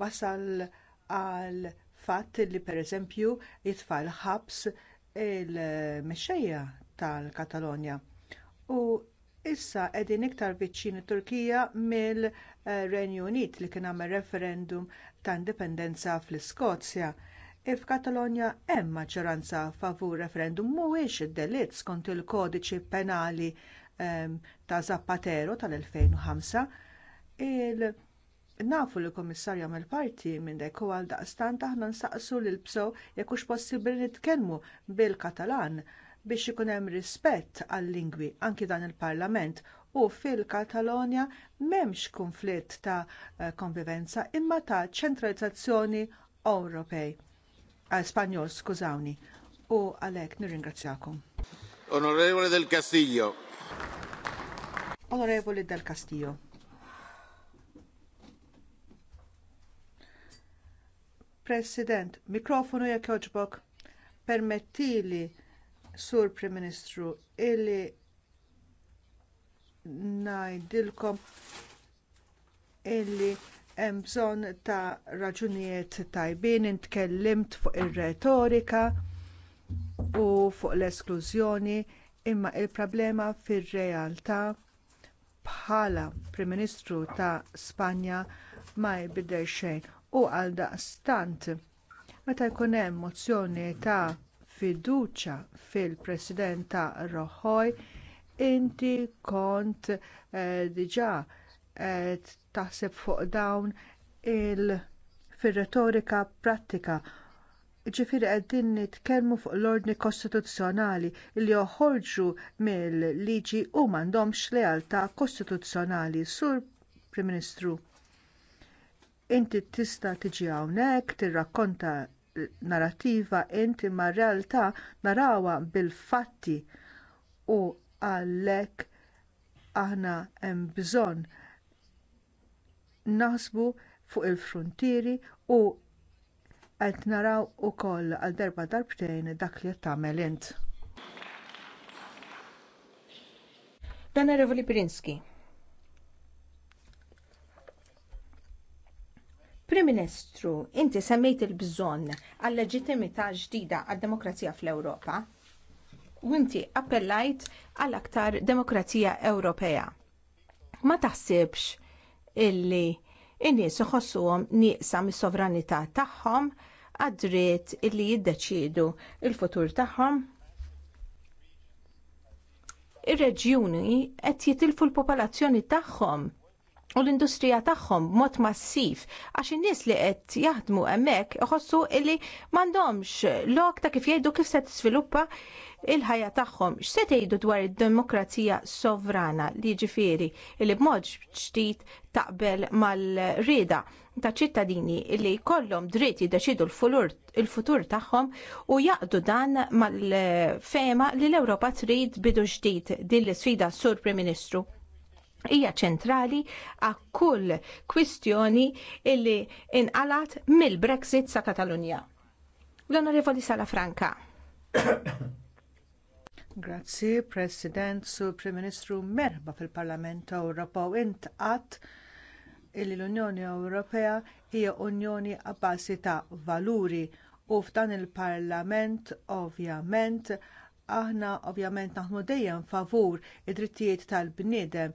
wasal għal fatt li pereżempju jitfal ħabs il-mexxejja tal-Katalonja. U issa qegħdin iktar viċċin it-Turkija mill-Renju Unit li kien għamel referendum ta' indipendenza fl-Iskozja. F'Katalonja hemm maġġoranza favur referendum mhuwiex id-delitt skont il-kodiċi penali ehm, ta' Zapatero tal-2005 Nafu li l mill parti minn dek u għal daqstant aħna nsaqsu lil bsow jekk hux possibbli nitkellmu bil-Katalan biex ikun hemm rispett għal-lingwi anki dan il-Parlament u fil-Katalonja m'hemmx kunflitt ta' eh, konvivenza imma ta' ċentralizzazzjoni Ewropej. Spanjol, skużawni. U għalhekk nirringrazzjakom. Onorevole del Castillo. Onorevole del Castillo. President, mikrofonu jekk jogħġbok. Permettili, Sur Prim Ministru, illi ngħidilkom illi hemm bżonn ta' raġunijiet tajbin intkellimt fuq ir-retorika u fuq l-esklużjoni imma l problema fir-realtà bħala Prim Ministru ta' Spanja ma jbidel xejn u għaldaqstant meta jkun hemm mozzjoni ta' fiduċja fil-President ta' Rajoy inti kont eh, diġà qed taħseb fuq dawn il fir-retorika prattika ġifiri qegħdin nitkellmu fuq l-ordni kostituzzjonali li joħorġu mill-liġi u m'għandhomx lealtà kostituzzjonali sur Prim Ministru. Inti tista tiġi hawnhekk, tirrakkonta narrattiva inti ma realtà narawha bil-fatti u għalhekk aħna hemm bżonn naħsbu fuq il-frontieri u qed naraw ukoll għal darba darbtejn dak li qed tagħmel int. Dan Revoli Pirinski. Prim Ministru, inti semmejt il-bżonn għal leġittimità ġdida għad-demokrazija fl-Ewropa u inti appellajt għal aktar demokrazija Ewropea. Ma taħsibx illi inni nies iħossuhom nieqsa mis-sovranità tagħhom għad-dritt illi jiddeċiedu il-futur tagħhom ir-reġjuni qed jitilfu l-popolazzjoni tagħhom u l-industrija tagħhom b'mod massiv għax in-nies li qed jaħdmu hemmhekk iħossu li m'għandhomx lok ta' kif jgħidu kif se tiżviluppa il-ħajja tagħhom. X'se tgħidu dwar id-demokrazija sovrana li jiġifieri li b'mod ġdid taqbel mal-rieda ta' ċittadini li jkollhom dritt jiddeċidu l-futur tagħhom u jaqdu dan mal-fema li l-Ewropa trid bidu ġdid din l-isfida sur Prim Ministru hija ċentrali għal kull kwistjoni illi inqalat mill-Brexit sa' Katalunja. L-Onorevoli Sala Franka. Grazzi, President, Su Prim Ministru, merba fil-Parlament Ewropew intqat illi l-Unjoni Ewropea hija Unjoni għabbasi ta' valuri u f'dan il-Parlament ovvjament aħna ovvjament naħmu dejjem favur id-drittijiet tal-bniedem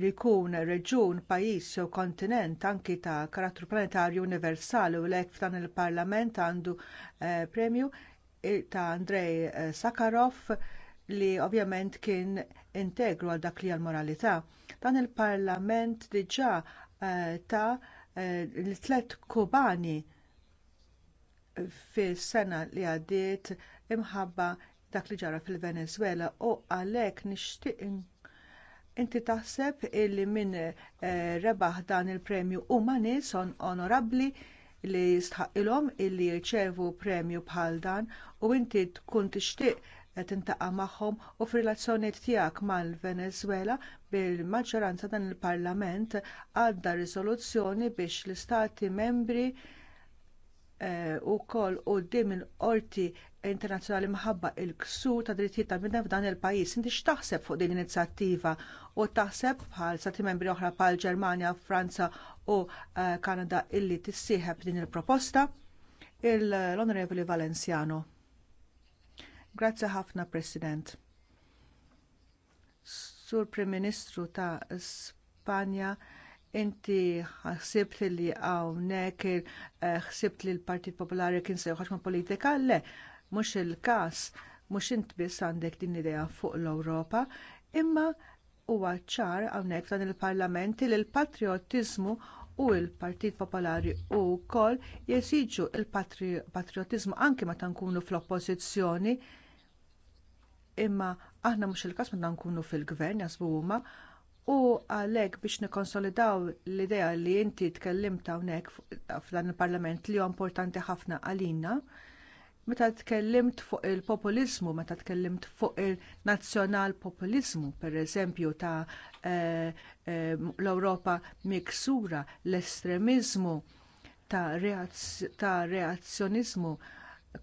li jkun reġjun, pajjiż jew kontinent anki ta' karattru planetarju universali u lek f'dan il-Parlament għandu eh, premju eh, ta' Andrej eh, Sakharov li ovvjament kien integru għal dak li għall moralità Dan il-Parlament diġà eh, ta' eh, l-tlet kubani fis-sena li għaddiet imħabba dak li ġara fil venezwela u għalhekk nixtieq Inti taħseb illi min eh, rebaħ dan il-premju huma nies onorabbli li jistħaqilhom illi jirċevu premju bħal dan u inti tkun tixtieq tintaqa' magħhom u f'relazzjonijiet tiegħek mal-Venezwela bil-maġġoranza dan il-Parlament għadda riżoluzzjoni biex l-istati membri wkoll eh, quddiem il-qorti internazzjonali minħabba il ksu ta' drittijiet ta' bidna f'dan il-pajjiż. Inti x'taħseb fuq din l-inizjattiva u taħseb bħal stati membri oħra bħal Ġermanja, Franza u eh, Kanada illi tissieħeb din il-proposta? l-Onorevoli Valenciano. Grazzi ħafna, President. Sur Prim Ministru ta' Spanja, inti ħsibt li hawnhekk eh, ħsibt li l-Partit Popolari kien se ma' politika, le, mhux il-każ mhux int biss għandek din idea fuq l-Ewropa, imma huwa ċar hawnhekk dan il-Parlament li l u l-Partit Popolari wkoll jesiġu l patrjotiżmu anke meta nkunu fl-oppożizzjoni imma aħna mhux il-każ meta nkunu fil-gvern jasbu huma u għalhekk biex nikkonsolidaw l-idea li inti tkellimt hawnhekk f'dan il-Parlament li huwa importanti ħafna għalina Meta tkellimt fuq il populiżmu meta tkellimt fuq il-nazzjonal populiżmu pereżempju ta' eh, eh, l-Ewropa miksura, l-estremiżmu ta', ta reazzjoniżmu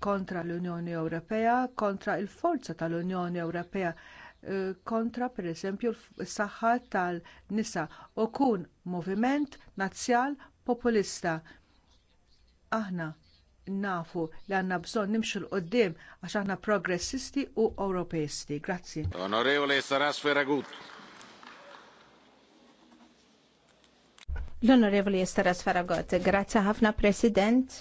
kontra l-Unjoni Ewropea, kontra l forza tal-Unjoni Ewropea, eh, kontra pereżempju s-saħħa tal-nisa u kun moviment nazzjal populista. Aħna nafu li għandna bżonn nimxu l-qoddim għax aħna progressisti u Europeisti. Grazzi. Onorevole Saras Ferragut. L-Onorevoli Estaras Faragot, grazzi ħafna President.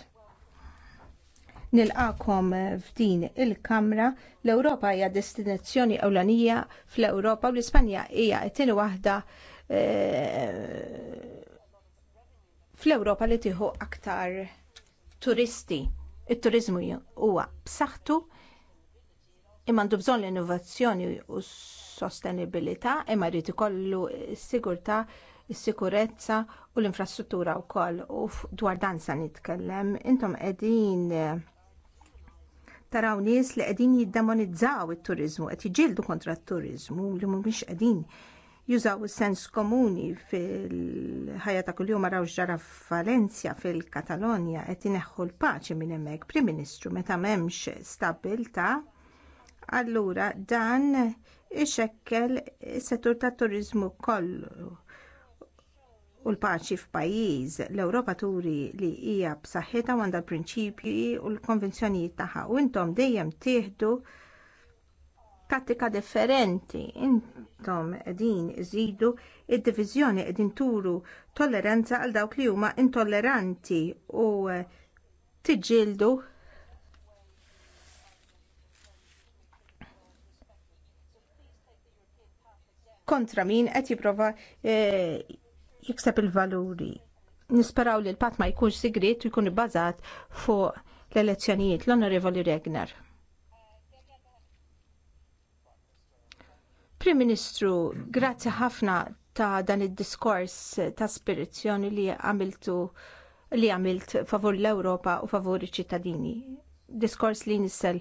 Nilqakom f'din il-Kamra, l-Ewropa hija destinazzjoni ewlenija fl-Ewropa u l-Ispanja hija qed tieni waħda eh, fl-Ewropa li tieħu aktar turisti. Il-turizmu huwa b'saħħtu imma għandu bżonn l-innovazzjoni u s-sostenibilità imma jrid ikollu s-sigurtà is-sikurezza u l-infrastruttura wkoll u dwar dan se nitkellem intom qegħdin taraw nies li qegħdin jiddemonizzaw it-turiżmu qed jiġġieldu kontra t-turiżmu li mhumiex qegħdin jużaw is-sens komuni fil-ħajja ta' kuljum araw ġara Valencia fil-Katalonja qed ineħħu l-paċi minn hemmhekk Prim Ministru meta m'hemmx stabilta allura dan ixekkel is-settur tat-turiżmu kollu u l-paċi f'pajjiż l-Ewropa turi li hija b'saħħitha għandha l-prinċipji u l-konvenzjonijiet tagħha u intom dejjem tieħdu tattika differenti. Intom qegħdin iżidu id diviżjoni qegħdin turu tolleranza għal dawk li huma intolleranti u eh, tiġġieldu kontra min qed jipprova eh, jikseb il-valuri. Nisperaw li l-pat ma jkunx sigrit u jkun ibbażat fuq l-elezzjonijiet l-Onorevoli Regner. Prim Ministru, grazzi ħafna ta' dan id-diskors ta' spirizzjoni li għamiltu li għamilt favur l-Ewropa u favur iċ-ċittadini. Diskors li nissel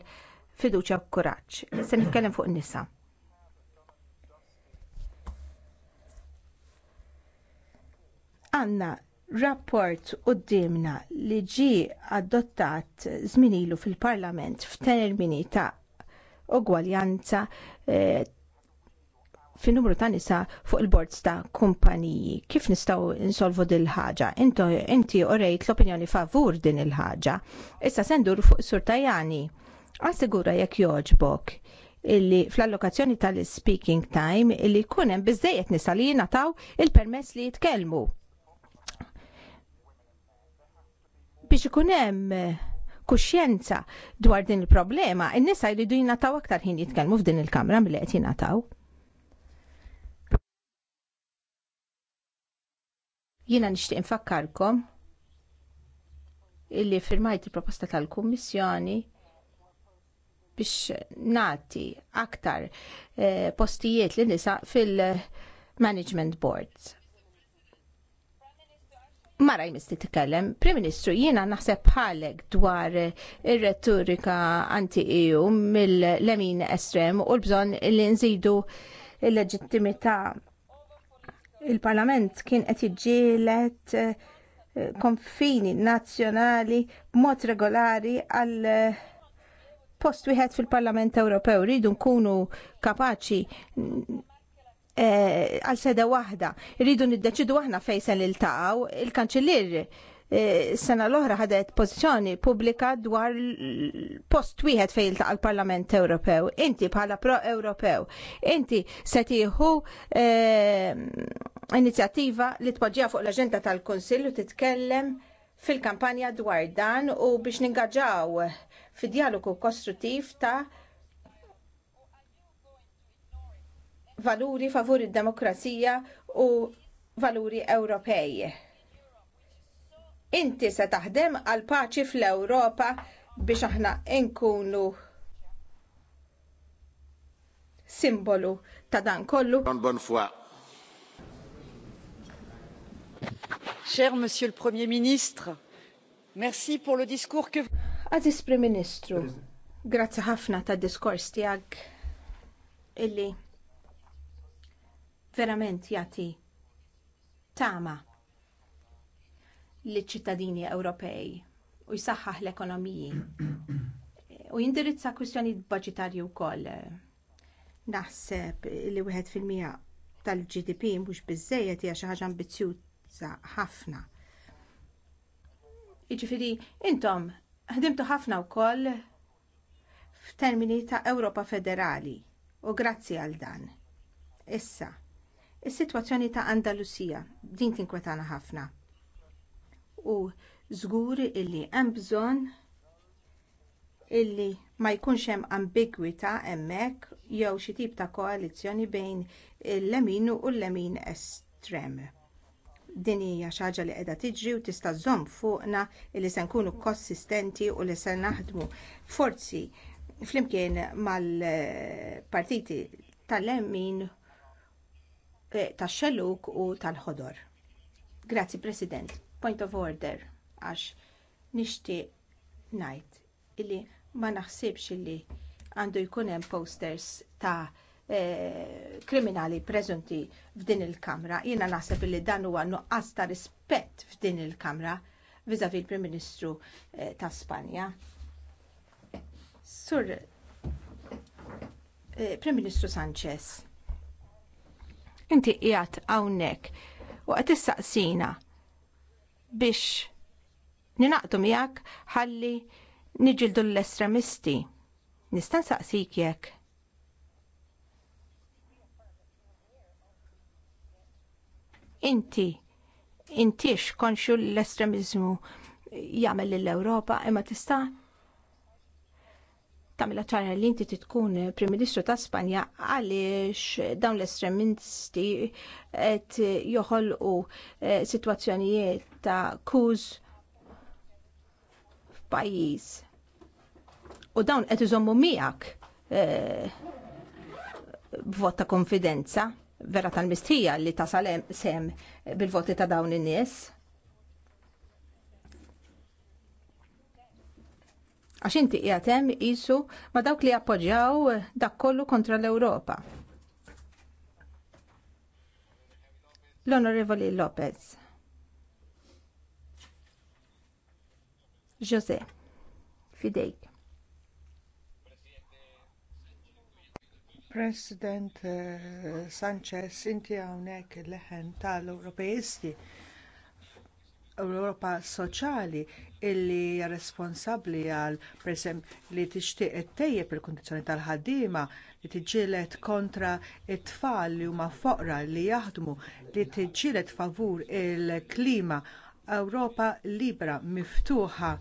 fiduċa u kuraġġ. Se nitkellem fuq nisa. Anna, rapport d-dimna li ġie adottat zminilu fil-Parlament f'termini ta' ugwaljanza eh, fin-numru ta' nisa fuq il-bords ta' kumpaniji. Kif nistgħu insolvu din ħaġa Inti inti orejt l-opinjoni favur din il-ħaġa. Issa sendur fuq Sur Tajani. Assigura jekk joġbok illi fl-allokazzjoni tal-speaking time illi jkun hemm nisa li jingħataw il-permess li jitkellmu. Biex ikun hemm kuxjenza dwar din il-problema, il nisa jridu jinnataw aktar ħin jitkellmu f'din il-kamra milli qed jingħataw. Jiena nixtieq infakkarkom illi firmajt il-proposta tal-Kummissjoni biex nagħti aktar eh, postijiet li nisa fil-Management Boards. Mara jmisti t-kellem, Prim Ministru, jiena naħseb bħalek dwar eh, ir-retorika anti-EU mill-lemin estrem u l-bżon li nżidu il-leġittimità il-Parlament kien qed iġġielet eh, konfini nazzjonali b'mod regolari għal eh, post wieħed fil-Parlament Ewropew rridu nkunu kapaċi eh, għal seda waħda. Rridu niddeċidu aħna fejn se niltaqgħu il kanċillier sena l-oħra ħadet pożizzjoni pubblika dwar post wieħed fejn il parlament Ewropew. Inti bħala pro-Ewropew, inti se tieħu inizjattiva li tpoġġija fuq l-aġenda tal-Kunsill u titkellem fil-kampanja dwar dan u biex ningaġġaw fi dialogu kostruttiv ta' valuri favur id-demokrazija u valuri Ewropej. Inti se taħdem għal paċi fl-Ewropa biex aħna nkunu simbolu ta' dan kollu. Bon, bon Cher Monsieur le Premier ministre, merci pour le discours que Aziz Prim Ministru, grazzi ħafna tad diskors tiegħek illi verament jagħti tama liċ ċittadini Ewropej u jsaħħaħ l-ekonomiji u jindirizza kwistjoni budgetarji wkoll. Naħseb li wieħed fil-mija tal-GDP mhux biżżejjed hija xi ħaġa ambizzjuż ħafna. Jiġifieri intom ħdimtu ħafna wkoll f'termini ta' Ewropa Federali u grazzi għal dan. Issa, is-sitwazzjoni ta' Andalusija din tinkwetana ħafna. U zgur illi hemm bżonn illi ma jkunx hemm ambigwità hemmhekk jew xi tip ta' koalizzjoni bejn il-lemin u l-lemin estrem din hija xi ħaġa li qiegħda tiġri u tista' żomm fuqna li se nkunu konsistenti u li se naħdmu forsi flimkien mal-partiti tal-Lemin e, tax xeluk u tal-ħodor. Grazzi President. Point of order għax nixtieq ngħid illi ma naħsibx illi għandu jkun hemm posters ta' Eh, kriminali prezenti f'din il-Kamra. Jiena naħseb li dan huwa nuqqas ta' rispett f'din il-Kamra viżavi il prim Ministru eh, ta' Spanja. Sur eh, Prim Ministru Sanchez, inti qiegħed hawnhekk u issaqsina biex ninaqdu miegħek ħalli niġildu l-estremisti. Nista' nsaqsik jekk Inti intix konxu l-estremizmu jagħmel lill-Ewropa imma tista' tagħmilha ċara li inti titkun Prim Ministru ta' Spanja għaliex dawn l-estremisti qed joħolqu eh, sitwazzjonijiet ta' kuż f'pajjiż. U dawn qed iżommu miegħek eh, b'vot ta' konfidenza vera tal-mistrija li tasal sem bil-voti ta' dawn in-nies. Għax inti qiegħed qisu ma' dawk li appoġġjaw dak kollu kontra l-Ewropa. L-Onorevoli Lopez. Jose, fidejk. President eh, Sanchez, inti hawnhekk il-leħen tal-Ewropejisti Ewropa soċjali illi hija responsabbli għal presem li tixtieq ittejjeb il-kundizzjoni tal-ħaddiema li tiġġieled kontra t tfal li huma foqra li jaħdmu li tiġġieled favur il-klima Ewropa libera miftuħa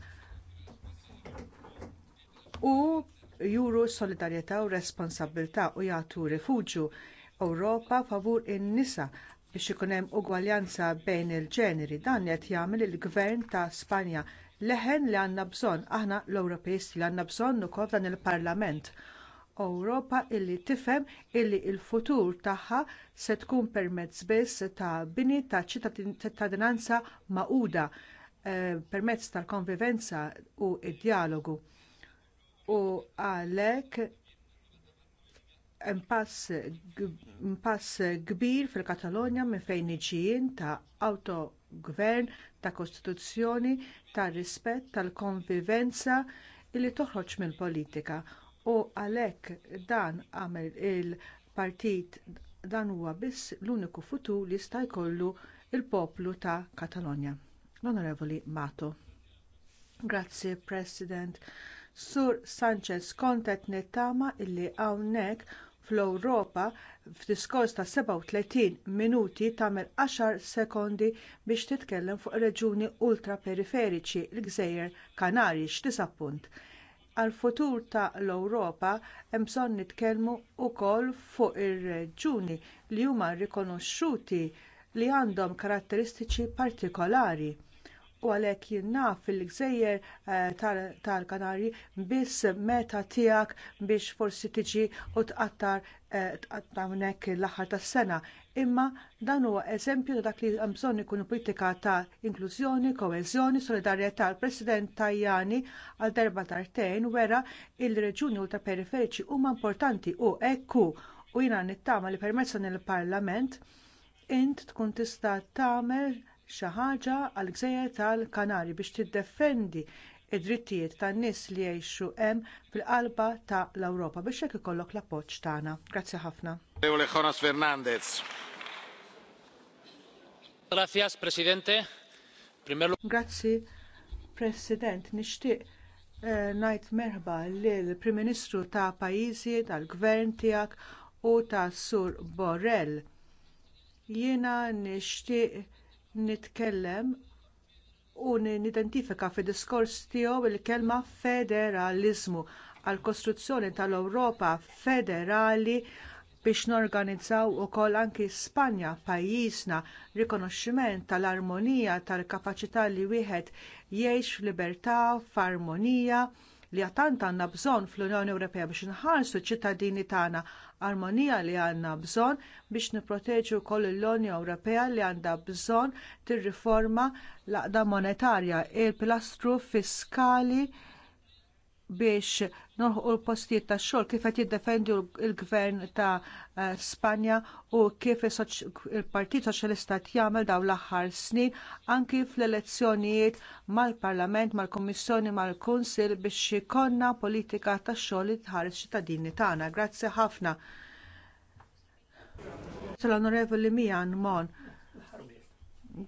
u juru solidarjetà u responsabbiltà u jagħtu rifuġju Ewropa favur in-nisa biex ikun hemm ugwaljanza bejn il-ġeneri dan qed jagħmel il-Gvern ta' Spanja leħen li għandna bżonn aħna l-Ewropejisti li għandna bżonn ukoll dan il-Parlament. Ewropa illi tifhem illi l il futur tagħha se tkun permezz biss ta' bini ta' ċittadinanza maquda eh, permezz tal-konvivenza u d dialogu u għalhekk impass kbir fil-Katalonja minn fejn iġijin ta' autogvern, ta' kostituzzjoni, ta' rispett tal-konvivenza li toħroġ mill-politika. U għalhekk dan għamel il-partit dan huwa biss l-uniku futur li jista' jkollu l poplu ta' Katalonja. L-Onorevoli Mato. Grazzi, President. Sur Sanchez kont nittama illi hawnhekk fl-Ewropa f'diskors ta' 37 minuti tagħmel 10 sekondi biex titkellem fuq reġuni ultraperiferiċi l-Gżejjer Kanari x'tisa' punt. Għal-futur ta' l-Ewropa hemm bżonn nitkellmu wkoll fuq ir-reġuni li huma rikonoxxuti li għandhom karatteristiċi partikolari u għalhekk jien naf fil-gżejjer eh, tal-Kanari biss meta tiegħek biex forsi tiġi u eh, tqattar hawnhekk l-aħħar tas-sena. Imma dan huwa eżempju ta' dak li hemm bżonn ikunu politika ta' inklużjoni, koeżjoni, solidarjetà. l president Tajani għal darba tartejn wera l reġuni ultraperiferiċi huma importanti u ekku u jiena nittama li permezz il parlament int tkun tista' tagħmel xi ħaġa għall gżejjer tal-Kanari biex tiddefendi d drittijiet tan-nies li jgħixu hemm fil-qalba tal ewropa biex hekk ikollok l-appoġġ tagħna. Grazzi ħafna. Gracias, Presidente. Grazzi, President. Nixtieq eh, ngħid merħba lill prim Ministru ta' pajjiżi tal-Gvern tiegħek u tas Sur Borrell. Jiena nixtieq nitkellem u nidentifika fid diskors tiegħu il-kelma federaliżmu għall kostruzzjoni tal-Ewropa federali biex norganizzaw ukoll anki Spanja pajjiżna rikonoxximent tal-armonija tal-kapaċità li wieħed jgħix f'libertà, f'armonija, li għatant għandna bżonn fl-Unjoni Ewropea biex nħarsu ċittadini tagħna armonija li għandna bżonn biex nipproteġu wkoll l-Unjoni Ewropea li għandha bżonn tirriforma l-aqda monetarja, il-pilastru fiskali biex noħu l-postijiet tax xogħol kif qed jiddefendi l-gvern ta' eh, Spanja u kif il-Partit Soċjalista jagħmel dawn l-aħħar snin anki fl-elezzjonijiet mal-Parlament, mal-Kummissjoni, mal-Kunsill biex ikollna politika tax xogħol li tħares ċittadini tagħna. Grazzi ħafna. Sal-Onorevoli Mijan Mon.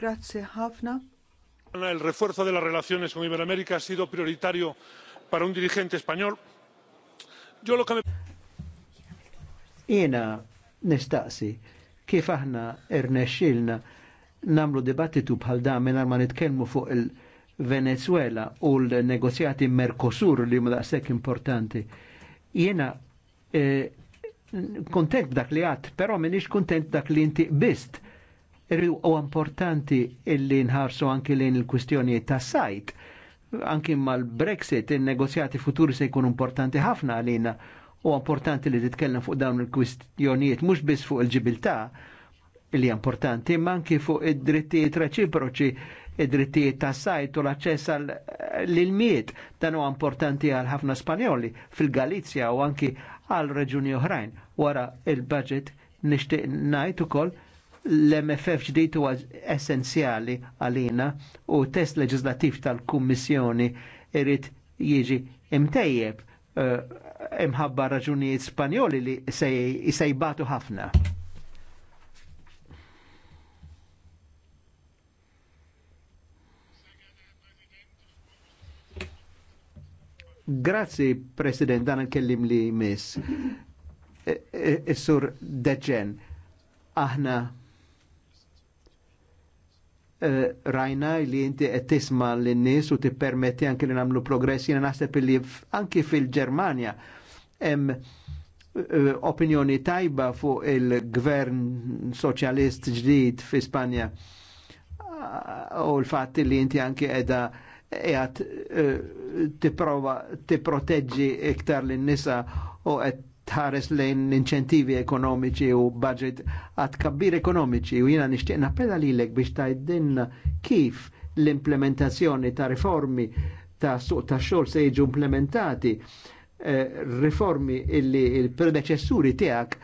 Grazzi ħafna. El refuerzo de las relaciones con Iberoamérica ha sido prioritario para un dirigente español. Yo lo que me... Jena nistaqsi kif aħna irnexxilna namlu dibattitu bħal dan mingħajr ma nitkellmu fuq il-Venezuela u l-negozjati Mercosur li huma daqshekk importanti. Jiena eh, kontent b'dak li għat, però minix kontent dak li inti bist. U importanti illi nħarsu anke lejn il-kwistjonijiet ta' sajt anki mal-Brexit il-negozjati futuri se jkun importanti ħafna għalina u importanti li titkellem fuq dawn il-kwistjonijiet mhux biss fuq il ġibilta li importanti, ma anki fuq id-drittijiet reċiproċi, id-drittijiet ta' sajt u l-aċċess l miet dan huwa importanti għal ħafna Spanjoli fil-Galizja u anki għal reġuni oħrajn. Wara il-budget nixtieq ngħid ukoll l-MFF ġdijt huwa essenzjali għalina u test leġislattiv tal-Kummissjoni irrit jiġi imtejjeb eh, imħabba raġunijiet Spanjoli li sejbatu ħafna. Grazzi, President, dan kellim li miss. Eh, eh, Is-sur Deġen, aħna Eh, rajna li inti qed tisma' lin-nies u tippermetti anke li nagħmlu progressi jiena naħseb li anke fil-Ġermanja hemm eh, opinjoni tajba fuq il-gvern soċjalist ġdid fi Spanja ah, u l-fatti li inti anke edha qiegħed eh, tipprova tipproteġġi iktar lin nisa u qed tħares lejn inċentivi ekonomiċi u budget għad kabbir ekonomiċi u jina nishtiq li lilek biex tajdinna kif l-implementazzjoni ta' riformi ta' suq ta' xol se jiġu implementati eh, riformi illi il-predeċessuri tiegħek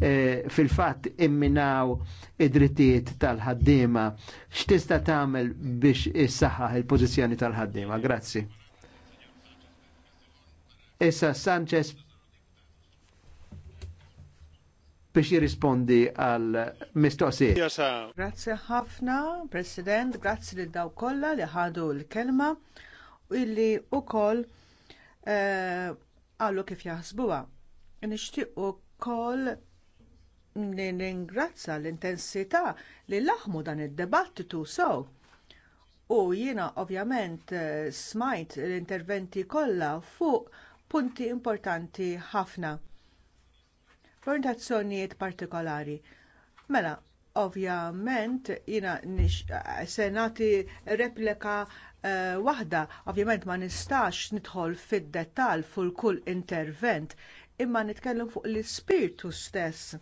eh, fil-fatt imminaw id-drittijiet tal-ħaddiema. X'tista' tagħmel biex issaħħaħ il-pożizzjoni tal-ħaddiema? Grazzi. Issa Sanchez biex jirrispondi għal mistoqsi. Grazzi ħafna, President, grazzi li daw kollha li ħadu l-kelma u illi wkoll eh, għallu kif jaħsbuha. Nixtieq ukoll ningrazza l-intensità li laħmu dan id-debattitu sow. U jiena ovvjament eh, smajt l-interventi kollha fuq punti importanti ħafna f'organizzazzjonijiet partikolari. Mela, ovvjament jiena nix se nagħti replika uh, eh, waħda, ovvjament ma nistax nidħol fid-dettall fuq kull intervent, imma nitkellem fuq l-ispirtu stess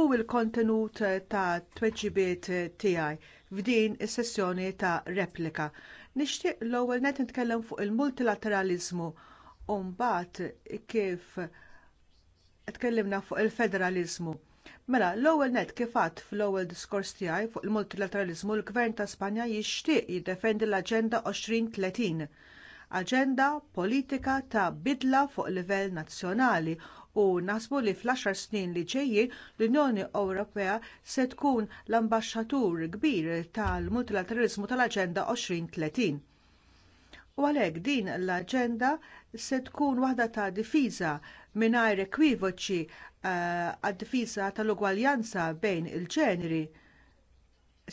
u l kontenut eh, ta' tweġibiet eh, tiegħi f'din is-sessjoni ta' replika. Nixtieq l-ewwel net nitkellem fuq il-multilateraliżmu u mbagħad kif tkellimna fuq il-federalizmu. Mela, l-ewwel nett kif għadd fl-ewwel diskors tiegħi fuq il-multilateralizmu l-Gvern ta' Spanja jixtieq jiddefendi l-Aġenda 2030. Aġenda politika ta' bidla fuq livell nazzjonali u naħsbu li fl-10 snin li ġejjin l-Unjoni Ewropea se tkun l-ambaxxatur kbir tal-multilateralizmu tal-Aġenda 2030. U għalhekk din l-aġenda se tkun waħda ta' difiża mingħajr ekwivoċi eh, għad-difiża tal-ugwaljanza bejn il-ġeneri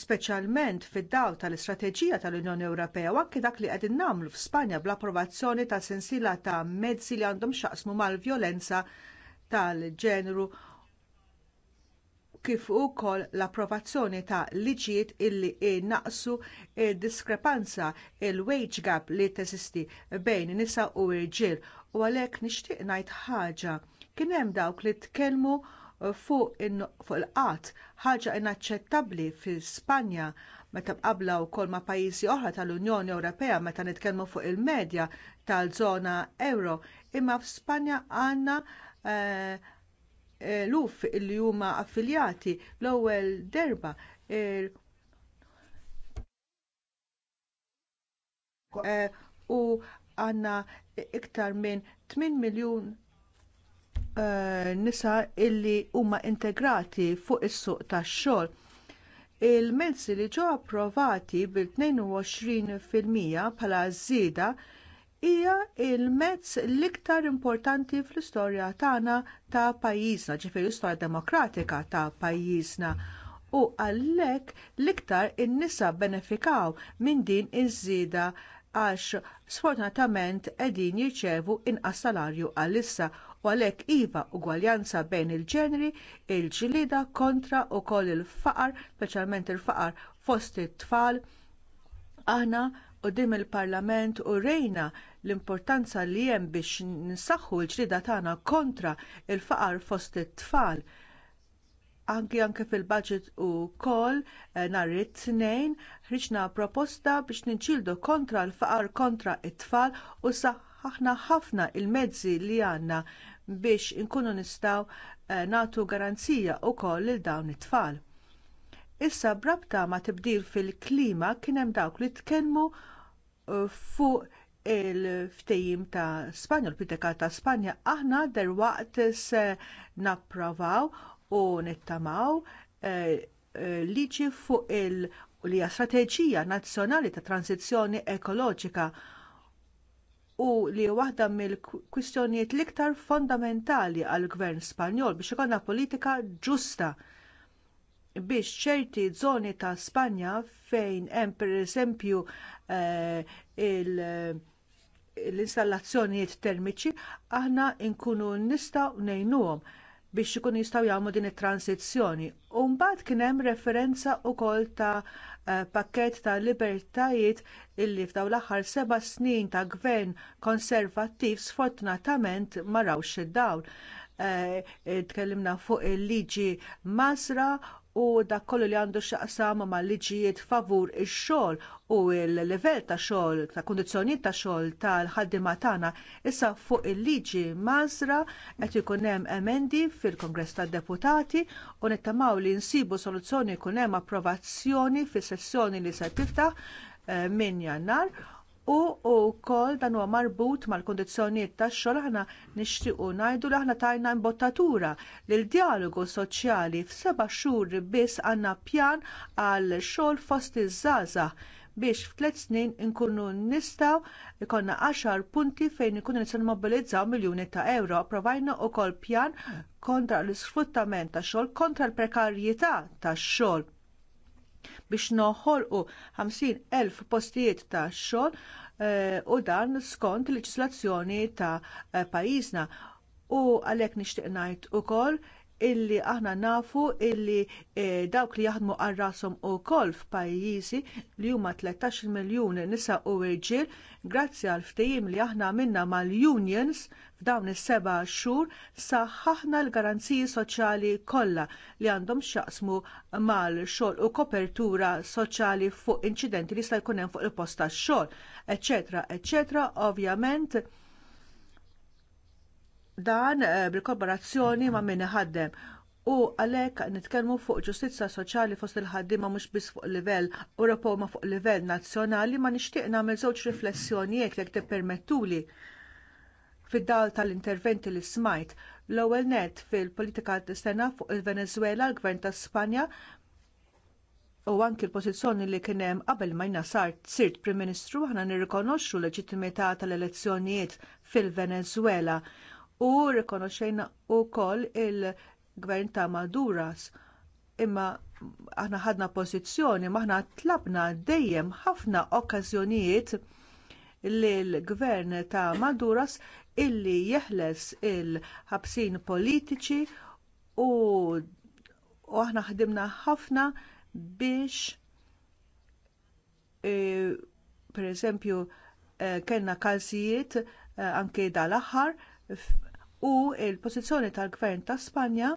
speċjalment fid-daw tal-istrateġija tal-Unjoni Ewropea u anke dak li qegħdin nagħmlu f'Spanja bl-approvazzjoni ta' sensiela ta' mezzi li għandhom xaqsmu mal-vjolenza tal-ġeneru kif ukoll l-approvazzjoni ta' liġijiet illi innaqsu d diskrepanza il-wage gap li teżisti bejn nisa u irġiel u għalhekk nixtieq ngħid ħaġa kien hemm dawk li tkellmu uh, fuq il qatt ħaġa inaċċettabbli fi Spanja meta mqabbla wkoll ma' pajjiżi oħra tal-Unjoni Ewropea meta nitkellmu fuq il-medja tal-żona euro imma f'Spanja għandna eh, luf li huma affiljati l-ewwel darba eh, u għandna iktar minn 8 miljun uh, nisa illi huma integrati fuq is-suq tax-xogħol. Il-mezzi li ġew approvati bil-22% bħala żieda hija l mezz l-iktar importanti fl-istorja tagħna ta' pajjiżna, ġifieri l-istorja demokratika ta' pajjiżna. U għalhekk l-iktar in-nisa benefikaw minn din iż-żieda għax sfortunatament qegħdin jirċevu inqas salarju għalissa u għalhekk iva ugwaljanza bejn il-ġeneri il-ġlida kontra wkoll il-faqar, speċjalment il-faqar fost it-tfal. Aħna quddiem il-Parlament u rejna l-importanza li hemm biex nsaħħu l-ġlida tagħna kontra il-faqar fost it-tfal anki anke fil-budget ukoll eh, nhar it-tnejn ħriġna proposta biex ninċildu kontra l-faqar kontra it-tfal u saħħaħna ħafna l mezzi li għandna biex inkunu nistgħu eh, nagħtu garanzija wkoll lil dawn it-tfal. Issa brabta ma tibdil fil-klima kien hemm dawk li tkellmu eh, fuq il-ftejim ta' Spanja, l pitekal ta' Spanja, aħna derwaqt se napprovaw u nittamaw eh, eh, liġi fuq il- u li strateġija nazzjonali ta' transizzjoni ekoloġika u li waħda mill-kwistjonijiet l-iktar fondamentali għall gvern Spanjol biex ikollna politika ġusta biex ċerti żoni ta' Spanja fejn hemm pereżempju eh, l-installazzjonijiet termiċi aħna nkunu nistgħu ngħinuhom biex ikun jistgħu jagħmlu din it-transizzjoni. U mbagħad kien hemm referenza wkoll ta' eh, pakkett ta' libertajiet illi f'daw l-aħħar seba' snin ta' gvern konservattiv sfortunatament ma rawx id-dawl. Eh, tkellimna fuq il-liġi mażra u dak kollu li għandu x'aqsam ma' liġijiet favur ix-xogħol u l-livell ta' xogħol ta' kundizzjonijiet ta' xogħol tal-ħaddiema tagħna issa fuq il-liġi mażra qed ikun hemm emendi fil-Kongress tad-Deputati u nittamaw li nsibu soluzzjoni jkun hemm approvazzjoni fis-sessjoni li se tiftaħ eh, minn jannar u wkoll dan huwa marbut mal-kundizzjonijiet tax-xogħol aħna nixtiequ ngħidu li aħna tajna imbottatura lil dialogu soċjali f'seba' xhur biss għandna pjan għal xogħol fost iż-żgħażagħ biex f'tliet snin inkunu nistgħu jkollna għaxar punti fejn ikunu nistgħu mobilizzaw miljuni ta' euro. Provajna wkoll pjan kontra l-isfruttament tax xogħol, kontra l-prekarjetà tax xogħol biex noħolqu 50,000 postijiet ta' xogħol eh, u dan skont il-leġislazzjoni ta' eh, pajjiżna. U għalhekk nixtieq ngħid ukoll illi aħna nafu illi e, dawk li jaħdmu għal rashom ukoll f'pajjiżi li huma 13 miljun nisa u irġiel grazzi għal ftehim li aħna għamilna mal-unions F'dawn is-seba' xhur saħħaħna l-garanziji soċjali kollha li għandhom x'jaqsmu mal-xogħol u kopertura soċjali fuq inċidenti li jista' jkun hemm fuq il-post tax-xogħol, eċetera, eċetera, ovvjament dan eh, bil-korporazzjoni ma' min iħaddem. U għalhekk nitkellmu fuq ġustizza soċjali fost il-ħaddiema mhux biss fuq livell Ewropew ma fuq livell nazzjonali ma nixtieq nagħmel żewġ riflessjonijiet jekk tippermettuli. permettuli fid-dal tal-interventi li smajt l-ewwel nett fil-politika tas-sena fuq il-Venezuela l-Gvern ta' Spanja u anki l-pożizzjoni li kien hemm qabel ma jnasar sirt Prim Ministru aħna nirrikonoxxu l-leġittimità tal-elezzjonijiet fil-Venezuela u rikonoxxejna wkoll il-gvern ta' Maduras imma aħna ħadna pożizzjoni ma aħna tlabna dejjem ħafna okkażjonijiet li l-gvern ta' Maduras illi jeħles il-ħabsin politiċi u aħna ħdimna ħafna biex e, pereżempju e, kellna każijiet e, anke dal-aħħar u l pożizzjoni tal-Gvern ta' Spanja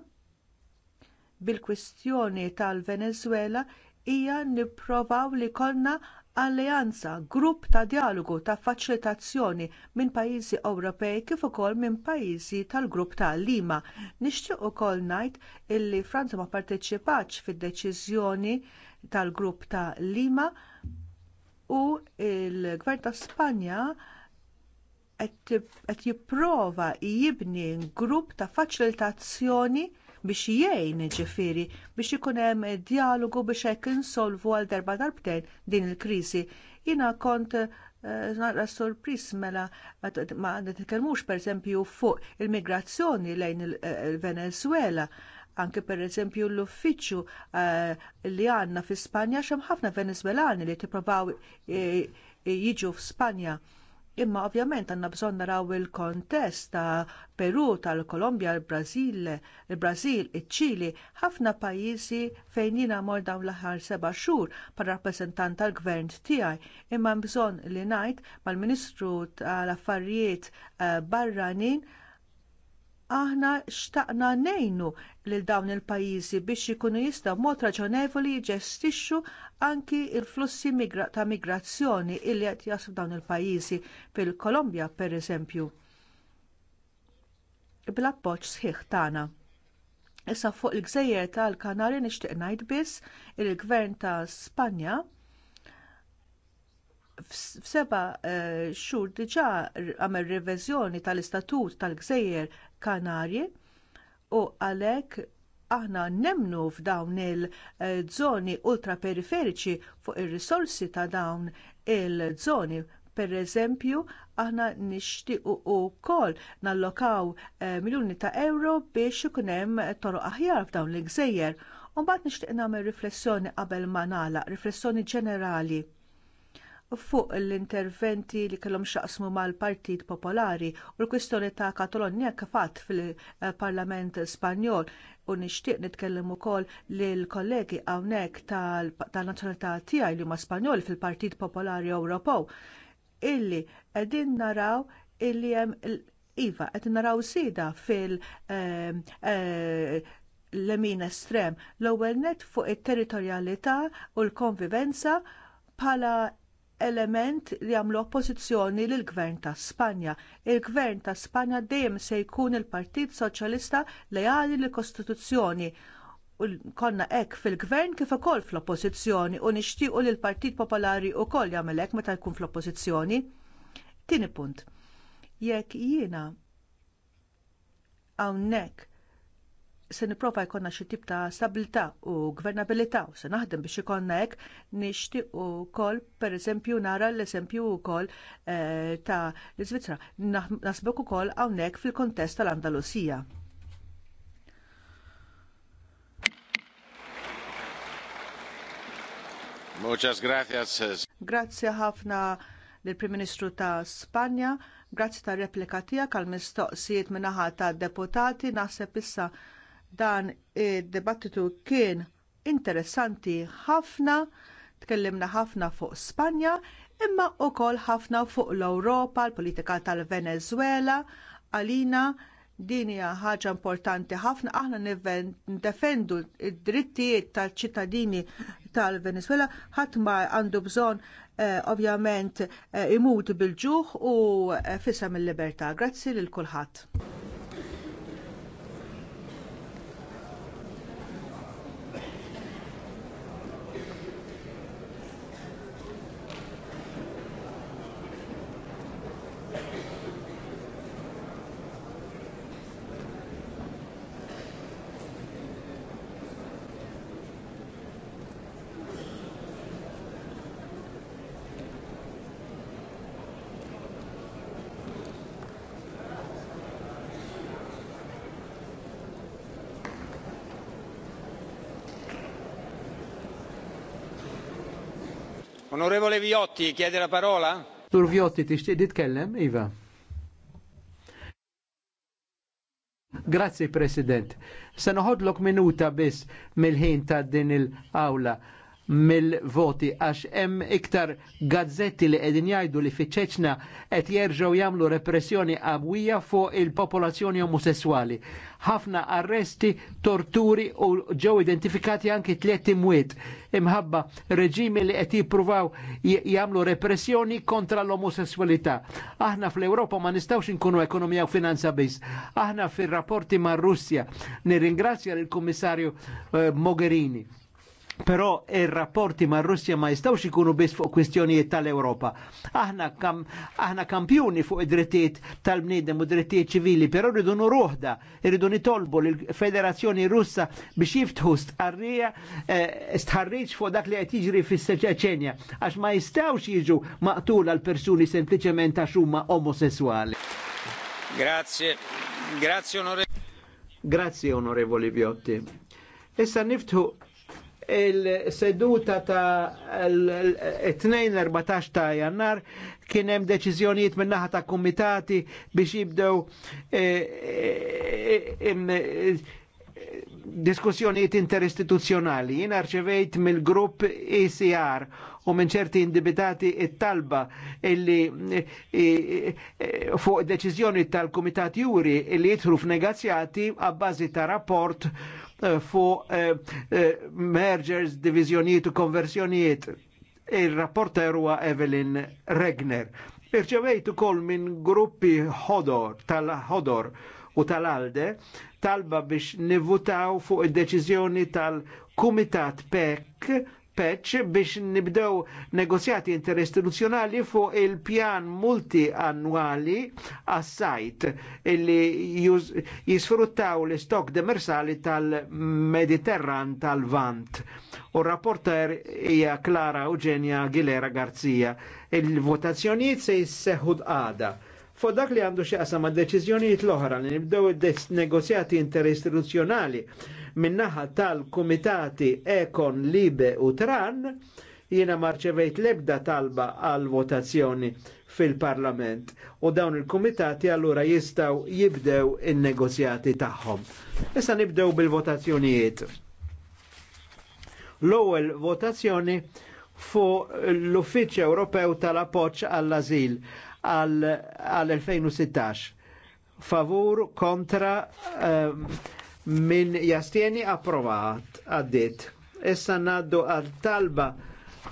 bil-kwistjoni tal venezwela hija nipprovaw li konna alleanza, grupp ta' dijalogu ta' faċilitazzjoni minn pajjiżi Ewropej kif ukoll minn pajjiżi tal-grupp ta' Lima. Nixtieq ukoll ngħid illi Franza ma parteċipatx fid-deċiżjoni tal-grupp ta' Lima u l gvern ta' Spanja qed jipprova jibni grupp ta' faċilitazzjoni biex jgħin ġifiri biex ikun hemm dijalogu biex hekk insolvu għal darba darbtejn din il-kriżi. Jiena kont eh, naqra sorpris mela ma nitkellmux pereżempju fuq il-migrazzjoni lejn eh, il-Venezuela anke pereżempju l-uffiċċju eh, li għandna fi Spanja xem ħafna Venezwelani li tippruvaw jiġu f'Spanja. Imma ovvjament għandna bżonn naraw il-kontest ta' Peru, tal-Kolombja, il-Brażil, il-Brażil, iċ-Ċili, ħafna pajjiżi fejn jiena mor dawn l-aħħar seba' xhur par rappreżentant tal-gvern tiegħi. Imma bżonn li ngħid mal-Ministru tal-Affarijiet eh, barranin aħna xtaqna ngħinu lil dawn il-pajjiżi biex ikunu jistgħu mod raġonevoli jġestixxu anki l-flussi migra ta' migrazzjoni illi qed jaslu dawn il-pajjiżi fil-Kolombja pereżempju. Bl-appoġġ sħiħ tagħna. Issa fuq il-gżejjer tal-Kanari nixtieq ngħid biss il-Gvern ta' Spanja f'seba' eh, xhur diġà għamel reviżjoni tal-istatut tal-Gżejjer Kanarji u għalhekk aħna nemnu f'dawn il-żoni ultraperiferiċi fuq ir-risorsi ta' dawn il-żoni pereżempju, aħna nixtiequ wkoll nallokaw eh, miljuni ta' euro biex ikun hemm toroq aħjar f'dawn l-gżejjer. Mbagħad nixtieq nagħmel riflessjoni qabel ma nagħlaq, riflessjoni ġenerali fuq l-interventi li kellhom xaqsmu mal-Partit Popolari u l-kwistjoni ta' Katalonja fatt fil-Parlament Spanjol u nixtieq nitkellem ukoll lill kollegi hawnhekk tal-nazzjonalità tiegħi li huma Spanjol fil-Partit Popolari Ewropew illi qegħdin naraw illi hemm iva qed naraw sida fil- ehm, eh, l-emin estrem l-ewwel nett fuq it-territorjalità u l-konvivenza bħala element li għamlu oppożizzjoni lill gvern ta' Spanja. Il-gvern ta' Spanja dejjem se jkun il-Partit Soċjalista lejali lill kostituzzjoni konna hekk fil-gvern kif ukoll fl-oppożizzjoni u nixtiequ li l-Partit Popolari wkoll jagħmel hekk meta jkun fl-oppożizzjoni. Tieni punt. Jekk jiena hawnhekk se nipprova jkollna xi tip ta' stabilità u gvernabilità u se naħdem biex ikollna hekk nixtieq ukoll pereżempju nara l-eżempju wkoll eh, ta' l-Iżvizzera. Nasbek ukoll hawnhekk fil-kontest tal-Andalusija. Muchas gracias. Grazie ħafna lill-Prim Ministru ta' Spanja. Grazzi tar replika tiegħek għall mistoqsijiet min-naħa tad deputati naħseb issa Dan id-dibattitu kien interessanti ħafna, tkellimna ħafna fuq Spanja, imma wkoll ħafna fuq l-Ewropa, l-politika tal-Venezuela, għalina din hija ħaġa importanti ħafna aħna nifendu id-drittijiet tal-ċittadini tal-Venezuela ħadd ma għandu bżonn eh, ovvjament eh, imut bil-ġuħ u eh, fisem il-libertà. Grazzi lil kulħadd. Onorevole Viotti, chiede la parola? Sur Viotti, tixtieq titkellem, Iva. Grazie President. Se minuta biss mill-ħin ta' din il-awla mill-voti għax hemm iktar gazzetti li qegħdin jgħidu li fiċċeċna qed jerġgħu jagħmlu repressjoni qawwija fuq il-popolazzjoni omosessuali. Ħafna arresti, torturi u ġew identifikati anki tliet imwiet imħabba reġimi li qed jippruvaw jagħmlu repressjoni kontra l-omosessualità. Aħna fl-Ewropa ma nistgħux inkunu ekonomija u finanza biss. Aħna fir-rapporti mar-Russja nirringrazzja lill-Kummissarju eh, Mogherini Però il rapporti ma' Russja ma jistawx ikunu bis fuq kwistjonijiet tal europa Aħna kam, aħna kampjuni fuq id-drittijiet tal-bniedem u drittijiet ċivili, però rridu nuruħda, rridu nitolbu l-Federazzjoni Russa biex jiftħu stħarrija eh, stħarriġ fuq dak li qed jiġri fis-Seċeċenja għax ma jistawx jiġu maqtul għal persuni sempliċement għax huma omosessuali. Grazie. Grazie onorevoli. Grazie onorevoli Biotti. Issa niftħu il-seduta ta' l-2-14 ta' jannar kien hemm deċiżjonijiet minnaħa ta' kumitati biex jibdew eh, eh, eh, diskussjonijiet interistituzzjonali. Jien arċevejt mill-grupp ECR u minn ċerti indibitati it-talba illi fuq deċiżjoni tal-Kumitat Juri illi jidħlu f'negozjati għabbażi ta' rapport Eh, fuq eh, eh, mergers, divizjoniet u konversjoniet. Il-rapporter huwa Evelyn Regner. Irċevejt ukoll minn gruppi ħodor tal-ħodor u tal-alde talba biex nivutaw fuq id deċizjoni tal-Kumitat PEC peċ biex nibdew negozjati interistituzzjonali fuq il-pjan multi annuali għas-sajt illi jisfruttaw l-istok demersali tal-Mediterran tal-Vant. U rapporter hija Klara Eugenia Gilera Garzija. il votazzjoniet se jisseħud għada. Fuq dak li għandu qasam għad deċizjonijiet l-oħra li nibdew id negozjati interistituzzjonali minnaħa tal-Kumitati Ekon, Libe u Tran, jiena marċevejt lebda talba għal votazzjoni fil-parlament u dawn il kumitati allura jistaw jibdew il-negozjati tagħhom. Issa nibdew bil-votazzjonijiet. L-ewwel votazzjoni fu l-Uffiċċju Ewropew tal-Appoġġ għall-Azil għal-2016. Favur kontra ehm, min jastieni approvat għaddit. Issa naddu għal-talba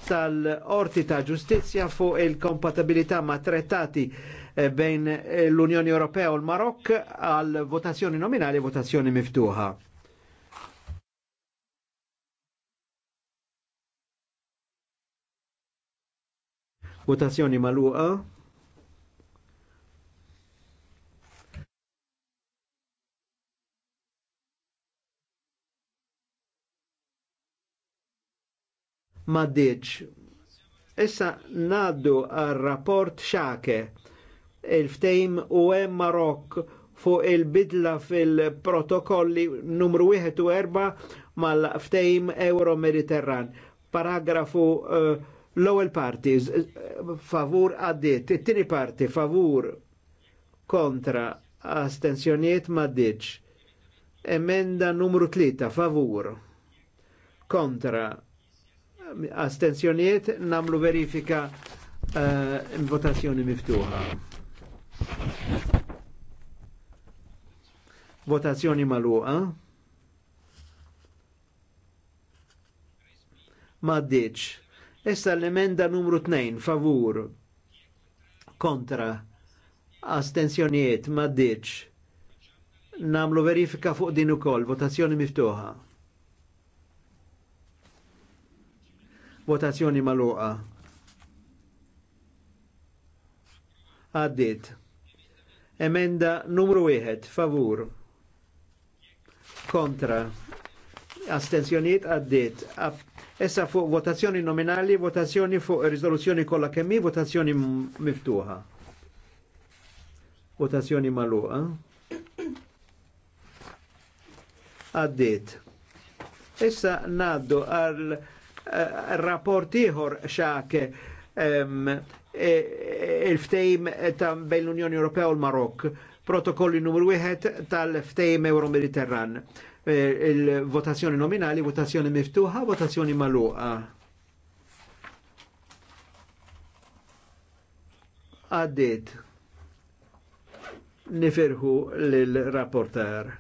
tal-orti ta' ġustizja fuq il-kompatibilità ma' trettati eh, bejn l-Unjoni Ewropea u l-Marokk għal votazzjoni nominali votazzjoni miftuħa. Votazzjoni maluqa. ma Issa naddu għal rapport xake il-ftejm u e Marok fuq il-bidla fil-protokolli numru 1 mal-ftejm Euro-Mediterran. Paragrafu uh, l-ewwel parti eh, favur għaddit, it-tieni parti favur kontra astensjonijiet m'għaddietx. Emenda numru 3 favur kontra astenzjoniet namlu verifika eh, votazzjoni miftuħa. Votazzjoni maluqa. Maddiċ. Issa l-emenda numru 2, favur, kontra, astenzjoniet, maddiċ. Namlu verifika fuq din ukoll, votazzjoni miftuħa. Votazzjoni maluqa. Għaddit. Emenda numru 1, favur. Kontra. Astenzjoniet għaddit. Essa fuq votazzjoni nominali, votazzjoni fuq risoluzzjoni kolla kemmi, votazzjoni miftuħa. Votazzjoni maluqa. Għaddit. Issa naddu għal rapport ieħor xak e, il-ftejm ta' bejn l-Unjoni Ewropea u l-Marok, protokolli numru wieħed tal-ftejm Euro-Mediterran. E, il-votazzjoni nominali, votazzjoni miftuħa, votazzjoni maluqa. Għaddit. Nifirħu l-rapportar.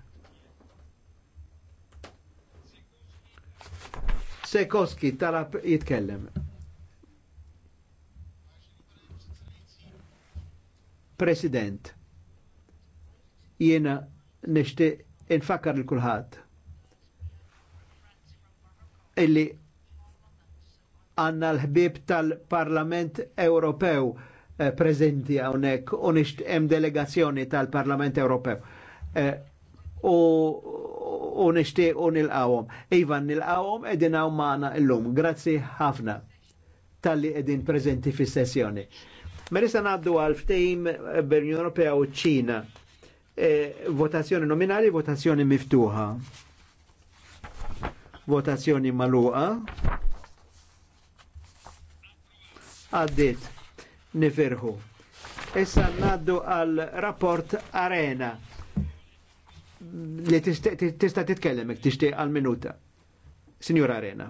Sekoski talab jitkellem. President, jiena nishti infakar l kulħadd illi għanna l-ħbib tal-Parlament Ewropew eh, prezenti għonek unisht hemm delegazzjoni tal-Parlament Ewropew. Eh, u u nishtiq u Ivan nil nilqawhom edin maħna magħna llum. Grazzi ħafna tal-li edin preżenti fis-sessjoni. Merisa ngħaddu għal ftehim bil Europea u ċina. E, votazzjoni nominali, votazzjoni miftuħa. Votazzjoni maluqa. Għaddit, nifirħu. Issa ngħaddu għal rapport Arena li tista' titkellem jekk tixtieq għal minuta. Signora Arena.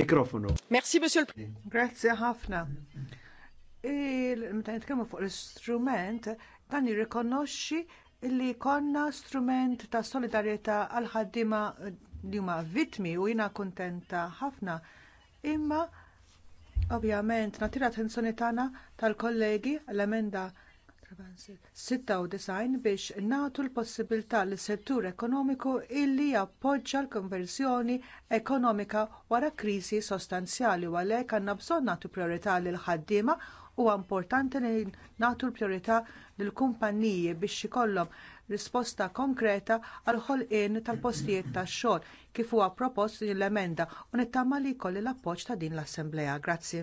Mikrofonu. Merci, Monsieur le Grazie ħafna. Meta nitkellmu fuq l-istrument, dan jirrikonoxxi li konna strument ta' solidarieta għal ħaddiema li huma vittmi u jina kuntenta ħafna. Imma ovvjament natira attenzjoni tagħna tal-kollegi l-emenda 96 biex nagħtu l-possibilità lis settur ekonomiku illi jappoġġja l-konversjoni ekonomika wara kriżi sostanzjali u għalhekk għandna bżonn nagħtu priorità lil ħaddiema huwa importanti li nagħtu l-priorità lill kumpaniji biex ikollhom risposta konkreta għal ħolqien tal-postijiet tax-xogħol kif huwa propost l-emenda u nittama li jkolli l-appoġġ ta' din l assemblea Grazzi.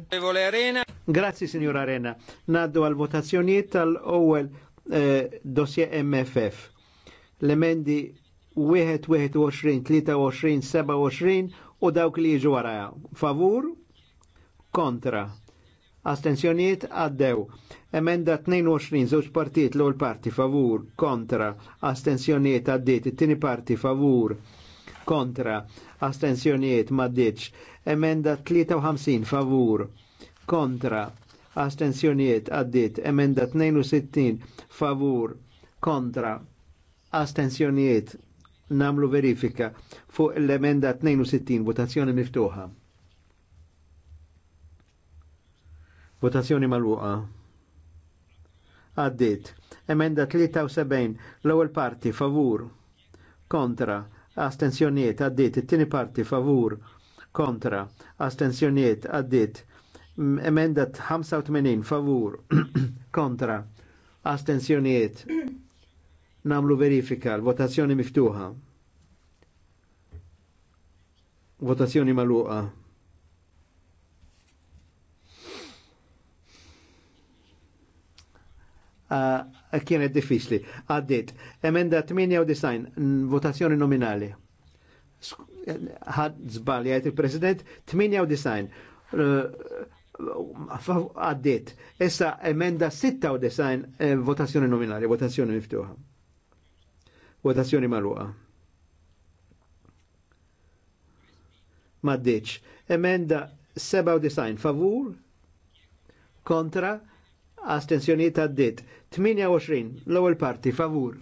Grazzi, Signora Arena. Naddu għal votazzjonijiet tal-ewwel eh, dossier MFF. L-emendi 21, 23, 27 u dawk li jiġu waraja. Favur, kontra Astenzjoniet għaddew. Emenda 22, żewġ partijiet l-ewwel parti favur, kontra, Astenzjoniet għaddiet, it-tieni parti favur, kontra, Astenzjoniet maddiċ. Emenda 53 favur, kontra, Astenzjoniet għaddiet. Emenda 62 favur, kontra, Astenzjoniet namlu verifika fuq l-emenda 62 votazzjoni miftuħa. Votazzjoni maluqa. Għaddit. Emenda 73, l-ewwel parti favur, kontra, astensjonijiet għaddit, it-tieni parti favur, kontra, Astenzjoniet għaddit. Emenda 85 favur, kontra, Astenzjoniet. Namlu verifika, l-votazzjoni miftuħa. Votazzjoni maluqa. kienet diffiċli. Għaddit, emenda 98, votazzjoni nominali. Għad zbal, jgħajt il-President, 98, għaddit. essa emenda 96, e, votazzjoni nominali, votazzjoni miftuħa. Votazzjoni marruqa. Maddiċ. Emenda 97, favur, kontra, astensjonijiet għaddit. 28 l-ewwel parti favur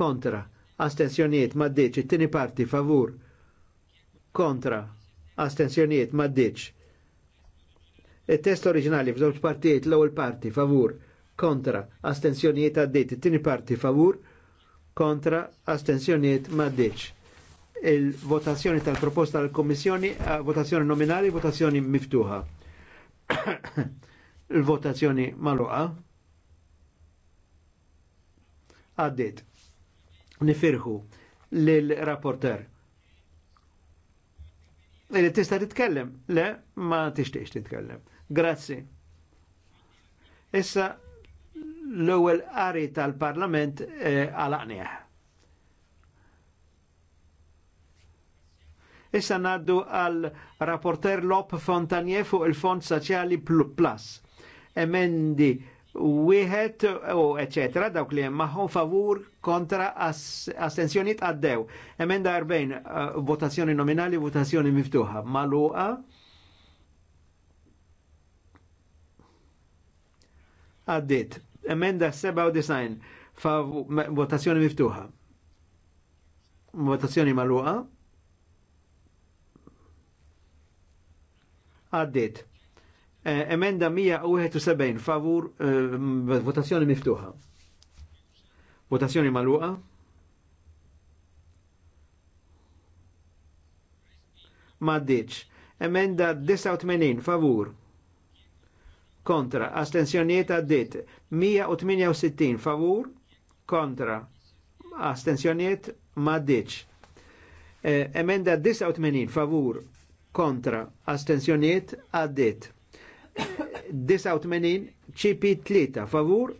kontra astensjonijiet maddiċ. It-tieni parti favur kontra astensjonijiet maddiċ. Il-test oriġinali f'żewġ partijiet l-ewwel parti favur kontra astensjonijiet għaddit. It-tieni parti favur kontra astensjonijiet maddiċ. Il-votazzjoni tal-proposta tal komissjoni eh, votazzjoni nominali, votazzjoni miftuħa. Il-votazzjoni maluqa. Għaddit. Nifirħu l-rapporter. Li tista' titkellem? Le, ma tixtiex titkellem. Grazzi. Issa l-ewwel qari tal-Parlament eh, Issa naddu għal rapporter Lop Fontanier fuq il-Fond Soċjali Plus emendi wieħed u eċetera, dawk li hemm magħhom favur kontra astensjonijiet għaddew. Emenda 40, eh, votazzjoni nominali, votazzjoni miftuħa. Maluqa. Għaddit. Emenda 97, votazzjoni miftuħa. Votazzjoni maluqa. Għaddit. Eh, emenda 171 favur eh, votazzjoni miftuħa. Votazzjoni maluqa. Maddiċ. Emenda 89 favur. Kontra. Astenzjoniet għaddit. 168 favur. Kontra. Astenzjoniet maddiċ. Eh, emenda 89 favur. Kontra. Astenzjoniet għaddit. 89 CP3 favur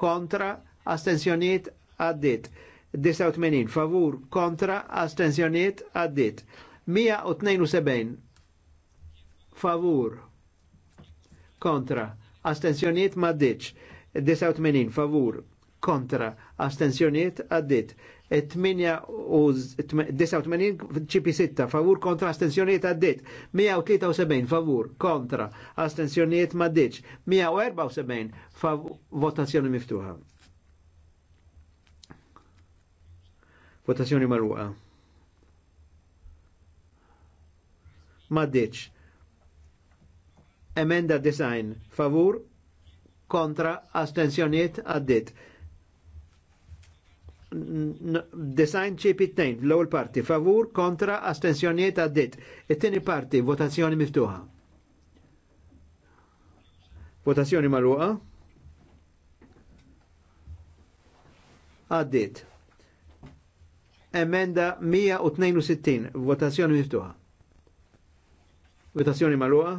kontra astensjoniet għaddit. 89 favur kontra astensjoniet għaddit. 172 favur kontra astensjoniet maddiċ. 89 favur kontra astensjoniet għaddit. 89 ċipi 6 favur kontra astensjoniet għaddit. 173 favur kontra astensjoniet maddiċ. 174 votazzjoni miftuħa. Votazzjoni marruqa. Maddiċ. Emenda design favur kontra astensjoniet għaddit design ċip it-tejn, l-ewwel parti, favur kontra astensjonijiet għaddit. It-tieni parti, votazzjoni miftuħa. Votazzjoni marruqa. Għaddit. Emenda 162, votazzjoni miftuħa. Votazzjoni marruqa.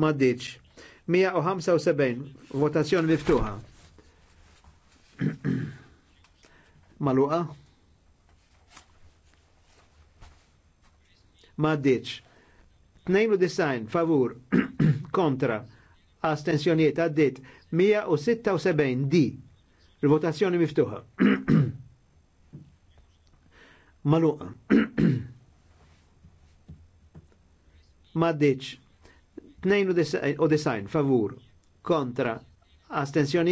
Ma ditx 175 votazzjoni miftuħa. Maluqa? Maddiċ. 92 favur kontra astensjoniet għaddit 176 di il-votazzjoni miftuħa. Maluqa. Maddiċ design, favur kontra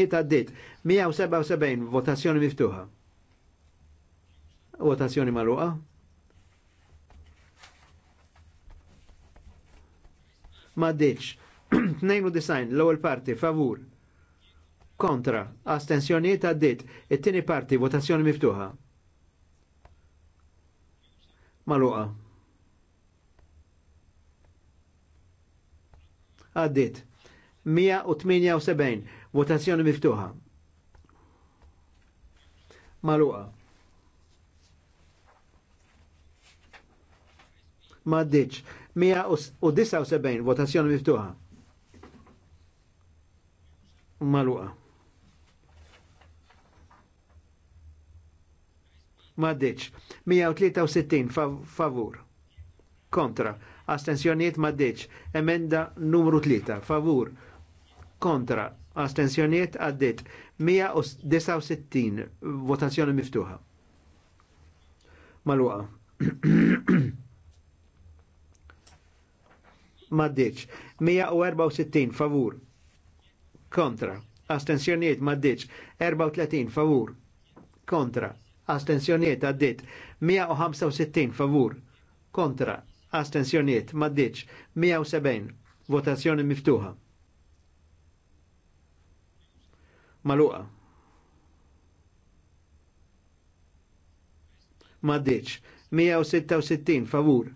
ta' dit 177 votazzjoni miftuħa. Votazzjoni maluqa Ma u design, l-ewwel parti favur kontra ta' dit it-tieni parti votazzjoni miftuħa. Maluqa. għaddit. 178 votazzjoni miftuħa. Maluqa. Maddiċ. 179 votazzjoni miftuħa. Maluqa. Maddiċ. 163 fav favur. Kontra astensjoniet deċ. Emenda numru 3, favur, kontra, astensjoniet għaddit. 169, votazzjoni miftuħa. Malwaqa. deċ. 164, favur, kontra, astensjoniet deċ. 34, favur, kontra, Astenzjoniet għaddit. 165, favur, kontra, astensjoniet maddiċ 170 votazzjoni miftuħa maluqa maddiċ 166 favur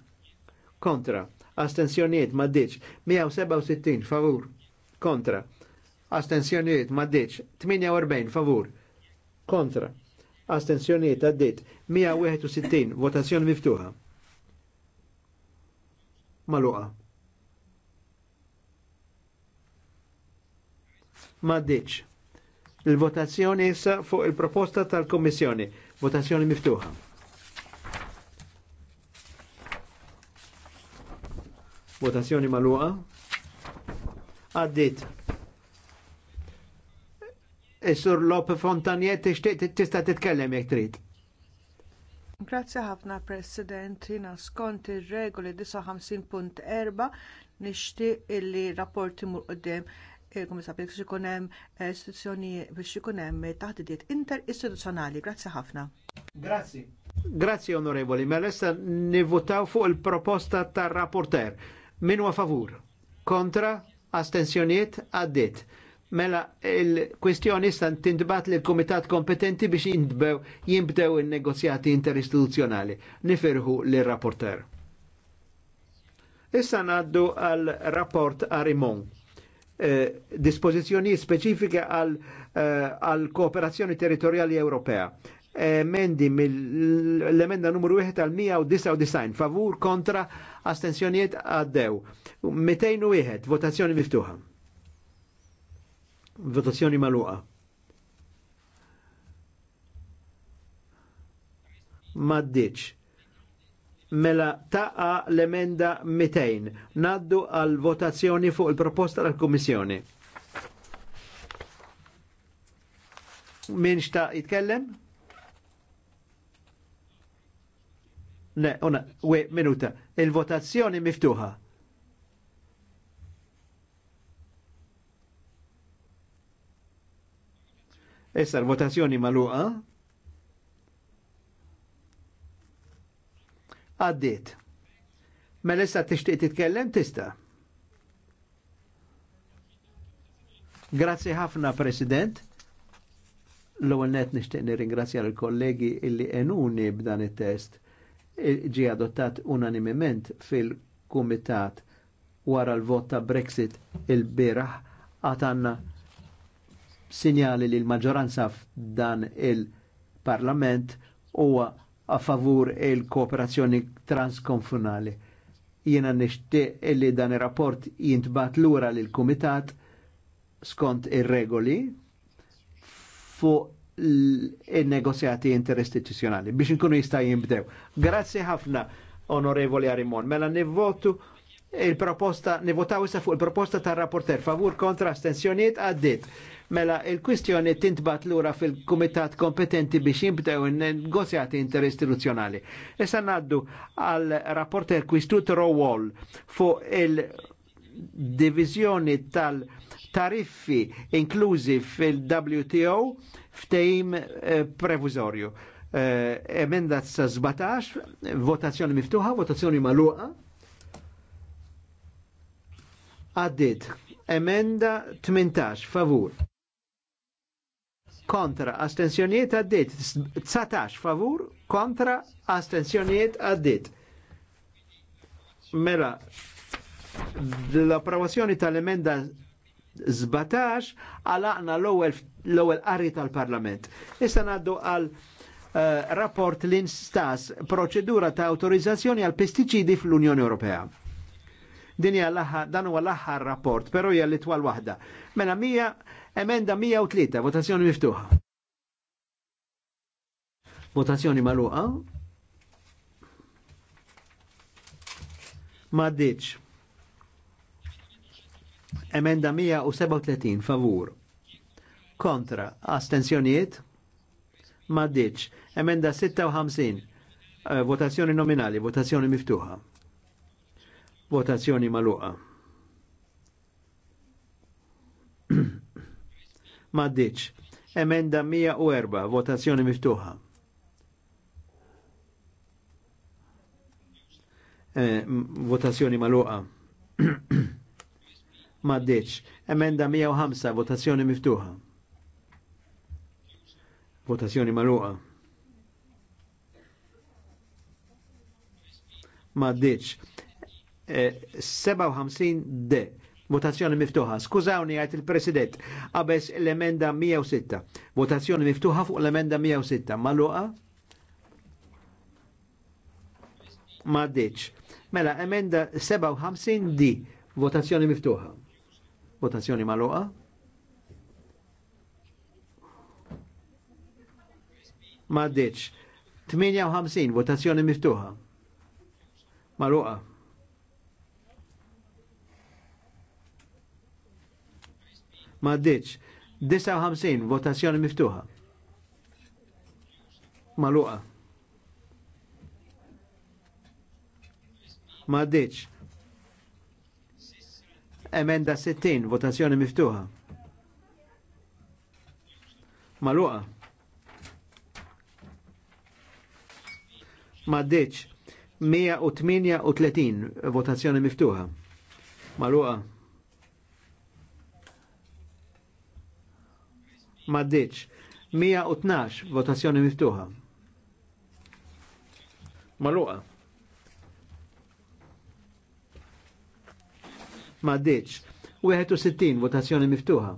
kontra astensjoniet maddiċ 167 favur kontra astensjoniet maddiċ 48 favur kontra astensjoniet għaddit 161 votazzjoni miftuħa maluqa. Ma Il-votazzjoni issa fuq il-proposta tal-Kommissjoni. Votazzjoni miftuħa. Votazzjoni maluqa. Għaddit. Is-sur Lope Fontanieti, tista' titkellem jekk trid. Grazzi ħafna President, jina skont ir-regoli 59.4 nixtieq illi rapporti mur qudiem il-Komissar eh, biex ikun hemm eh, istituzzjoni biex ikun hemm taħdidiet interistituzzjonali. Grazzi ħafna. Grazzi. Grazzi onorevoli, ma mela, lesta nivvotaw fuq il-proposta tar-rapporter. Min huwa favur? Kontra? Astensjoniet? Għaddit. Mela, il-kwestjoni istan tindbat li l-komitat kompetenti biex jintbew jimbdew il-negozjati interistituzjonali. Nifirħu li rapporter Issa naddu għal rapport Arimon. Eh, dispozizjoni speċifika għal, eh, kooperazzjoni territoriali Ewropea. Eh, mill-emenda numru 1 tal-199 favur kontra astensjonijiet għaddew. 201 votazzjoni miftuħa. Votazzjoni maluqa. Maddiċ. Mela taqa l-emenda 200. Naddu għal votazzjoni fuq il-proposta tal-Kummissjoni. Min xta' jitkellem? Ne, una, we, minuta. Il-votazzjoni miftuħa. Issa l-votazzjoni maluqa. Għaddit. Mela issa tixtieq titkellem tista'. Grazzi ħafna, President. L-ewwel net nixtieq nirringrazzja l-kollegi illi enuni b'dan it-test ġi adottat unanimement fil-Kumitat wara l-vot ta' Brexit il-biraħ għatanna sinjali li l-maġġoranza f'dan il-Parlament huwa a favur il-kooperazzjoni transkonfunali. Jiena nixtieq li dan ir-rapport jintbat lura lil kumitat skont ir-regoli fuq il-negozjati interistituzjonali biex nkunu jista' jinbdew. Grazzi ħafna, onorevoli Arimon. Mela nivvotu il-proposta, nivvotaw issa fuq il-proposta tar-rapporter favur kontra astensjoniet għaddit mela il-kwistjoni tintbat lura fil-kumitat kompetenti biex jimbdew negozjati interistituzjonali. Issa naddu għal rapporter kwistut Rowall fuq il-divizjoni tal-tariffi inklużi fil-WTO ftejim eh, prevużorju. Eh, emenda 17, votazzjoni miftuħa, votazzjoni maluqa għaddit emenda 18 favur kontra astensjonijiet għaddit, 19 favur kontra astensjonijiet għaddit. Mela, l-approvazzjoni tal-emenda 17 għalaqna l-ewwel qari tal-Parlament. Issa ngħaddu għal eh, rapport l-instas proċedura ta' autorizzazzjoni għal pestiċidi fl-Unjoni Ewropea Dinja, dan huwa l-aħħar rapport, però hija litwa twal waħda. Mela mija Emenda 103, votazzjoni miftuħa. Votazzjoni maluqa. Maddiċ. Emenda 137, favur. Kontra, astensjonijiet. Maddiċ. Emenda 56, eh, votazzjoni nominali, votazzjoni miftuħa. Votazzjoni maluqa. maddiċ. Emenda 104, eh, votazzjoni miftuħa. votazzjoni maluqa. maddiċ. Emenda 105, votazzjoni miftuħa. Votazzjoni maluqa. Maddiċ. Eh, 57 de Votazzjoni miftuħa. Skużawni għajt il-President, għabess l-emenda 106. Votazzjoni miftuħa fuq l-emenda 106. Maluqa? Ma Mela, emenda 57 di. Votazzjoni miftuħa. Votazzjoni maluqa? Ma 58. Votazzjoni miftuħa. Maluqa? ma ddiċ. 59 votazzjoni miftuħa. Maluqa. Ma ddiċ. Emenda 60 votazzjoni miftuħa. Maluqa. Ma ddiċ. 138 votazzjoni miftuħa. Maluqa. maddiċ. 112 votazzjoni miftuħa. Maluqa. Maddiċ. 61 votazzjoni miftuħa.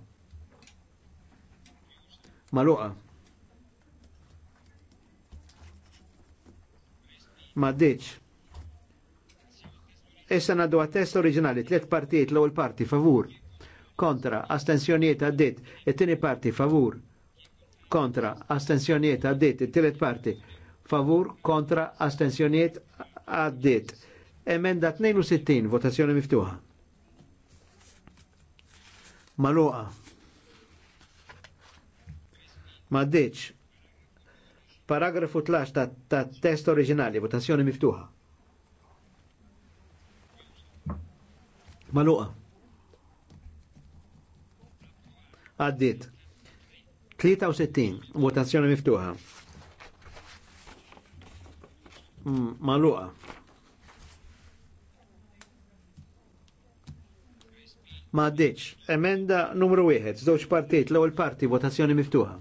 Maluqa. Maddiċ. Issa naddu għat test oriġinali, tliet partijiet l-ewwel parti favur kontra, astensjoniet għaddit, it-tini parti favur, kontra, astensjoniet għaddit, it-tilet parti favur, kontra, astensjoniet għaddit. Emenda 62, votazzjoni miftuħa. Maluqa. Maddeċ. Paragrafu 13 ta', ta test oriġinali, votazzjoni miftuħa. Maluqa. għaddit. 63 votazzjoni miftuħa. Mm, maluqa. Ma għaddiċ. Emenda numru 1, żewġ partit, l-ewwel parti votazzjoni miftuħa.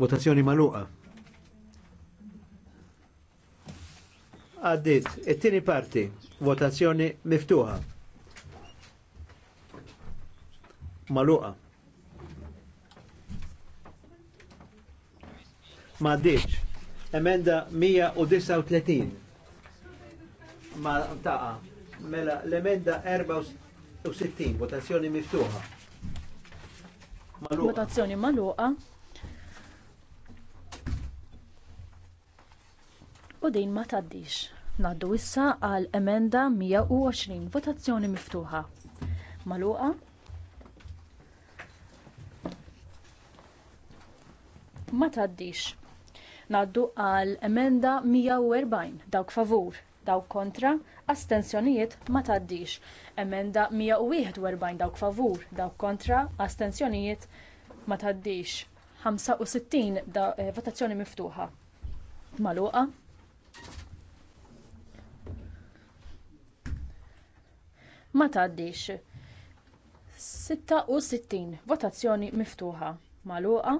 Votazzjoni maluqa. Għaddit, it-tieni parti, votazzjoni miftuħa. maluqa. Ma diċ, Emenda 139. Ma taqa. Mela l-emenda 64, votazzjoni miftuħa. Maluqa. Votazzjoni maluqa. U din ma taddix. Naddu issa għal emenda 120, votazzjoni miftuħa. Maluqa. ma tgħaddix. naddu għal emenda 140 dawk favur, dawk kontra, astensjonijiet ma tgħaddix. Emenda 141 dawk favur, dawk kontra, astensjonijiet ma tgħaddix. 65 da, eh, votazzjoni miftuħa. Maluqa. Ma tgħaddix. 66 votazzjoni miftuħa. Maluqa.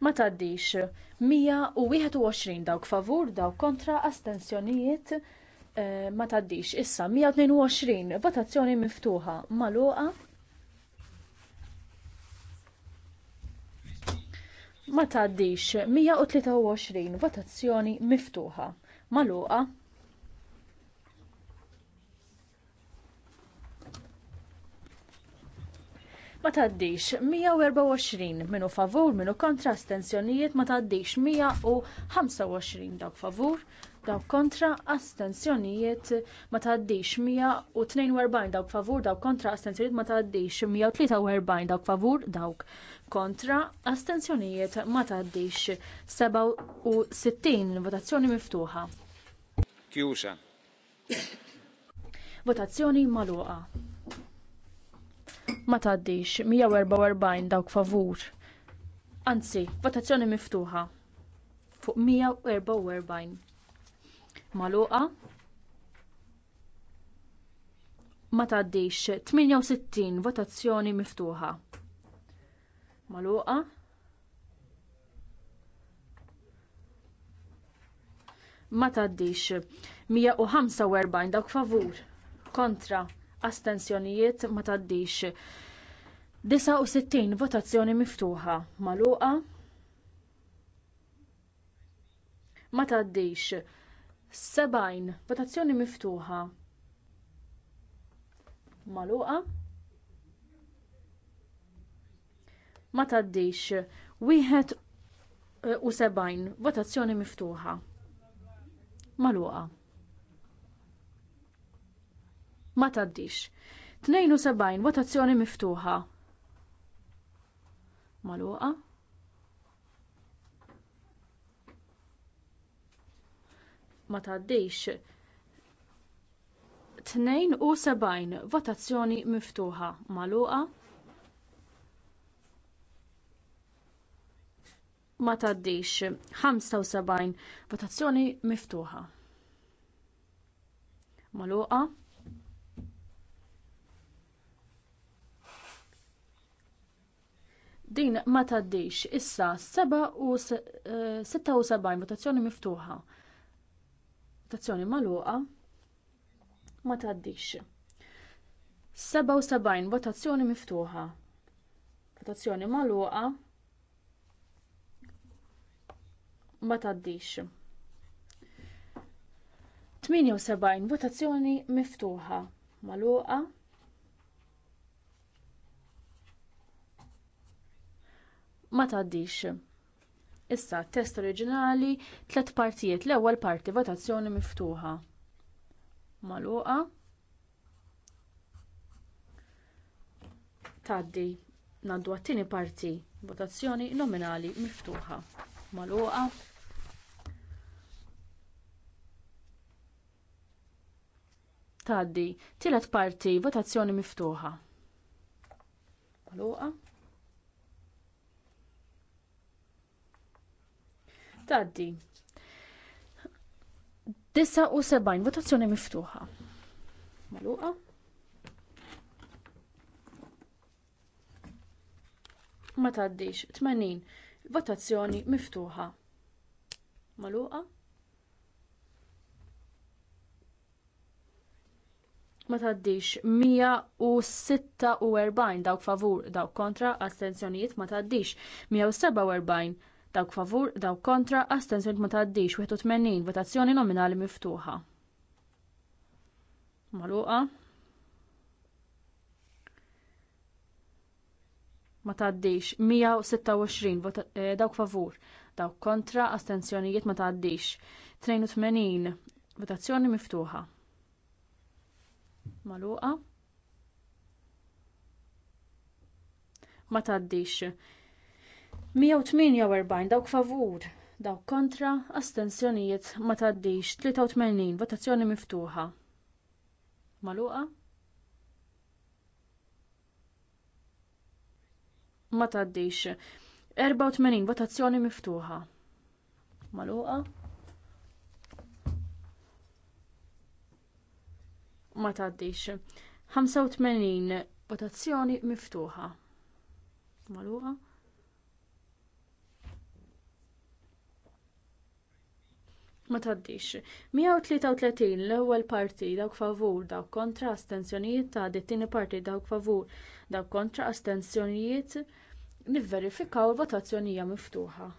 ma taddix 121 dawk favur dawk kontra astensjonijiet eh, ma taddix issa 122 votazzjoni miftuħa magħluqa ma taddix 123 votazzjoni miftuħa magħluqa ma taddix 124 minu favur minu kontra astensjonijiet ma taddix 125 dawk favur dawk kontra astensjonijiet ma taddix 142 dawk favur dawk kontra astensjonijiet ma taddix 143 dawk favur dawk kontra astensjonijiet ma taddix 67 votazzjoni miftuħa. Chiusa. Votazzjoni magħluqa ma tgħaddix 144 dawk favur anzi votazzjoni miftuħa fuq 144 magħluqa ma tgħaddix 68 votazzjoni miftuħa magħluqa ma tgħaddix 145 dawk favur kontra astensjonijiet ma tgħaddix 69 votazzjoni miftuħa magħluqa ma tgħaddix 70 votazzjoni miftuħa magħluqa ma tgħaddix wieħed eh, u 71 votazzjoni miftuħa magħluqa ma taddix. 72 votazzjoni miftuħa. Maluqa. Ma taddix. 72 votazzjoni miftuħa. Maluqa. ma taddix 75 votazzjoni miftuħa. Maluqa Din ma taddix issa 76 eh, votazzjoni miftuħa. Votazzjoni magħluqa ma taddix. 77 votazzjoni miftuħa. Votazzjoni magħluqa ma taddix. 78 votazzjoni miftuħa magħluqa ma tgħaddix. Issa t-test oriġinali tliet partijiet l-ewwel parti votazzjoni miftuħa. Magħluqa. Tgħaddi ngħaddu għat-tieni parti votazzjoni nominali miftuħa. Magħluqa. Tgħaddi tielet parti votazzjoni miftuħa. Magħluqa. tgħaddi. 79 votazzjoni miftuħa. Maluqa? Ma tgħaddix. 80 votazzjoni miftuħa. Maluqa? ma taddix 146 dawk favur dawk kontra astensjonijiet ma taddix 147 dawk favur, dawk kontra, astensjoni ma taddix 81 votazzjoni nominali miftuħa. Maluqa. Ma taddix 126 vota, eh, dawk favur, dawk kontra, astensjonijiet ma taddix 82 votazzjoni miftuħa. Maluqa. Ma taddix 148 dawk favur, dawk kontra, astensjonijiet ma tgħaddix 83 votazzjoni miftuħa. Maluqa? Ma tgħaddix 84 votazzjoni miftuħa. Maluqa? Ma tgħaddix 85 votazzjoni miftuħa. Maluqa? ma tgħaddix 133 l-ewwel parti dawk favur dawk kontra astensjonijiet ta' tieni parti dawk favur dawk kontra astensjonijiet nivverifikaw il votazzjonija miftuħa